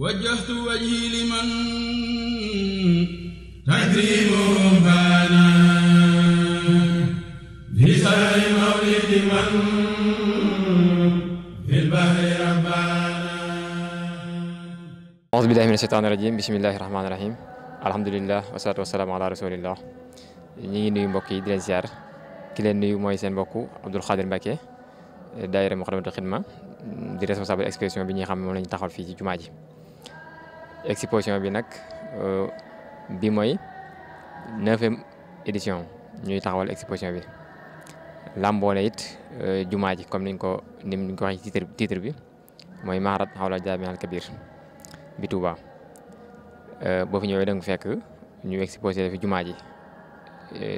وجهت وجهي لمن تكريمه بانا في سهر مولد من في البحر ربانا أعوذ بالله من الشيطان الرجيم بسم الله الرحمن الرحيم الحمد لله والصلاة والسلام على رسول الله ñi ngi nuyu mbokk yi di leen ziar ki leen nuyu mooy seen mbokk Abdoul Khadir Mbacké daayira Moukhaddamatoul Khidma di responsable expression bi ñuy xam moom lañu taxawal fii ci jumaa ji exposition bi nag euh, bi moy 9e édition ñuy taxawal exposition bi làmboole it euh, jumaa ji comme niñ ko nim ko waxee ci titre titre bi moy maarat xawla jaami al kabir bi Touba euh, boo fi ñëwee da nga fekk ñu exposé fi jumaa ji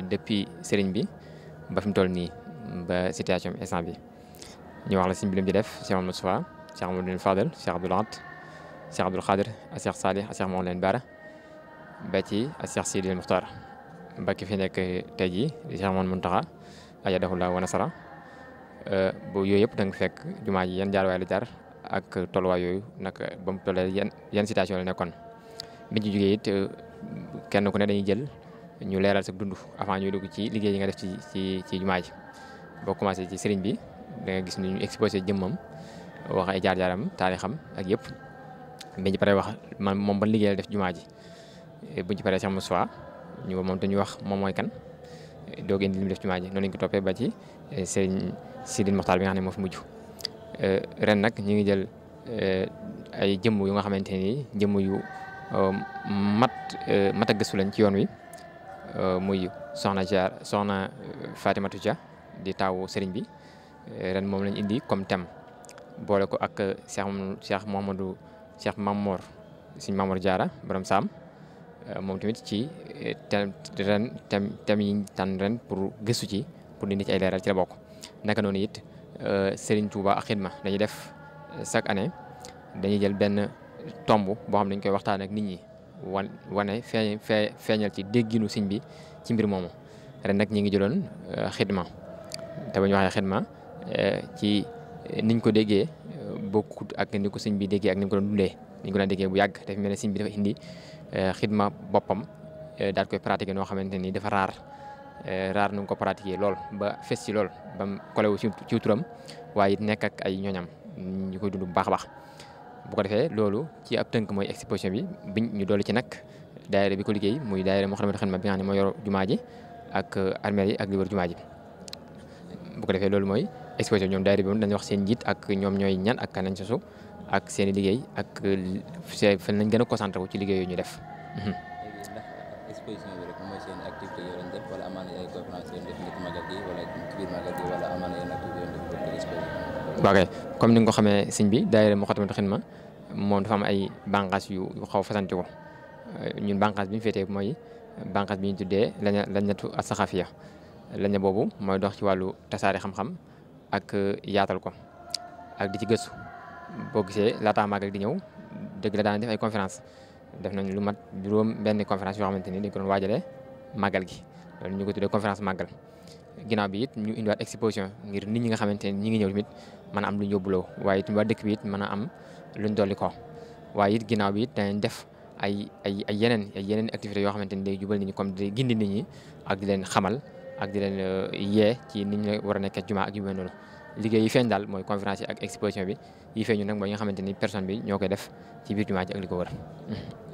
depuis sëriñ bi ba fim toll ni ba situation bi instant bi ñu wax la sëriñ bi lim di def Cheikh Amadou Moustapha Cheikh Amadou Fadel Cheikh Abdoul Ahad Cheikh Abdoul Khadir ak Cheikh Salih ak Cheikh Mawlana Bara ba ci ak Cheikh Sidil Muxtaar mbakki fi nekk tey jii di Cheikh Mouhamadou Mountakha ayyadahullaahu wa nasara euh, bu yooyu yëpp da nga fekk jumaa ji yan jaar waay la jaar ak tolluwaay yooyu nag ba mu tollee yan yan situation la nekkoon biñ ci jógee it euh, kenn ku ne dañuy jël ñu leeral sa dund avant ñuy dugg ci liggéey yi nga def ci ci ci jumaa ji boo commencé ci sëriñ bi da gis ni ñu exposé jëmmam wax ay jaar-jaaram taarixam ak yëpp. biñ ci paree wax moom ba liggéey la def jumaa ji eh, buñ ci paree Cheikh ñu moom dañuy wax moom mooy kan eh, doog indi li mu def jumaa noonu lañ ko toppee ba ci eh, sëriñ Sidine Moxtaar bi nga xam ne moo fi mujj ñu ngi jël jëmm yu nga xamante ni jëmm yu mat mat a lañ ci yoon wi muy soxna Jaar soxna Fatimatu Dia di taawu sëriñ bi ren moom lañ indi comme thème boole ko ak Cheikh Cheikh Mouhamadou Cheikh Mamour seigne Mamour Diarra borom Sam eh, mom tamit ci eh, tam ren tam tam yi tànn ren pour gessu ci pour dindi ci ay leral ci la bok naka non it eh, Serigne Touba ak dañuy def chaque année dañuy jël ben tombe bo xam dañ koy waxtaan ak nit ñi wané wane feñal ci degginu seigne bi ci mbir moomu ren nak ñi ngi jëlone khidma te bañ waxe khidma ci niñ ko déggé bokkut ak ni ko sëñ bi déggee ak ni mu ko doon dundee ni ko doon déggee bu yàgg dafa mel ne bi dafa indi euh, xidma boppam euh, daal koy pratiquer noo xamante ni dafa raar euh, raar nu ko lool ba fes ci lool ba mu kolewu ci turam waaye it nekk ay ñoñam ñu koy dund bu baax a baax. bu ko defee loolu ci ab tënk mooy exposition bi biñ ñu dolli ci nag daayira bi ko liggéey muy moo daayira Moukhaddamatoul Khidma bi nga xam ne moo yor jumaa ji ak armeel yi ak li wër jumaa ji bu ko defé lolou moy exposition ñom daayira bi moom wax seen jitt ak ñom ñoy ñan ak kanen ci su ak seen i ak fan lañu gëna concentré wu ci liggéey yu ñu def. exposition bi rek mooy seen activité yoo leen def wala amaan ay conférence yoo def nekk magal gi wala ci biir gi wala ay activité def exposition. comme ni nga xamé xamee bi daayira Moukhaddamatoul Khidma moom dafa am ay bankas yu xaw fasanti ko eh, ñun bankas bi ñu féetee mooy bànqaas bi ñu tuddee natu asxafiya lañ boobu mooy dox ci wàllu tasaare xam-xam ak eh, yaatal ko ak di ci gëstu boo gisee laataa màggal di ñëw dégg la daan def ay conférence def nañ lu mat juróom benn conférence yoo xamante ni dañ ko doon waajalee màggal ñu ko tuddee conférence màggal ginnaaw bi it ñu indiwaat exposition ngir nit ñi nga xamante ni ñi ngi ñëw tamit mën a am lu ñu yóbbuloo waaye it waa dëkk bi it mën a am luñ dolli ko waaye it ginnaaw bi it danañ def ay ay ay yeneen ay yeneen activités yoo xamante ni day jubal nit ñi comme day gindi nit ñi ak di leen xamal ak di leen euh, yee ci ni war a nekk juma ak yu mel noonu liggéey yi feeñ daal mooy conférence yi ak exposition bi yi feeñu nag mooy yi nga xamante ni personne bi ñoo koy def ci biir juma ji ak li ko wër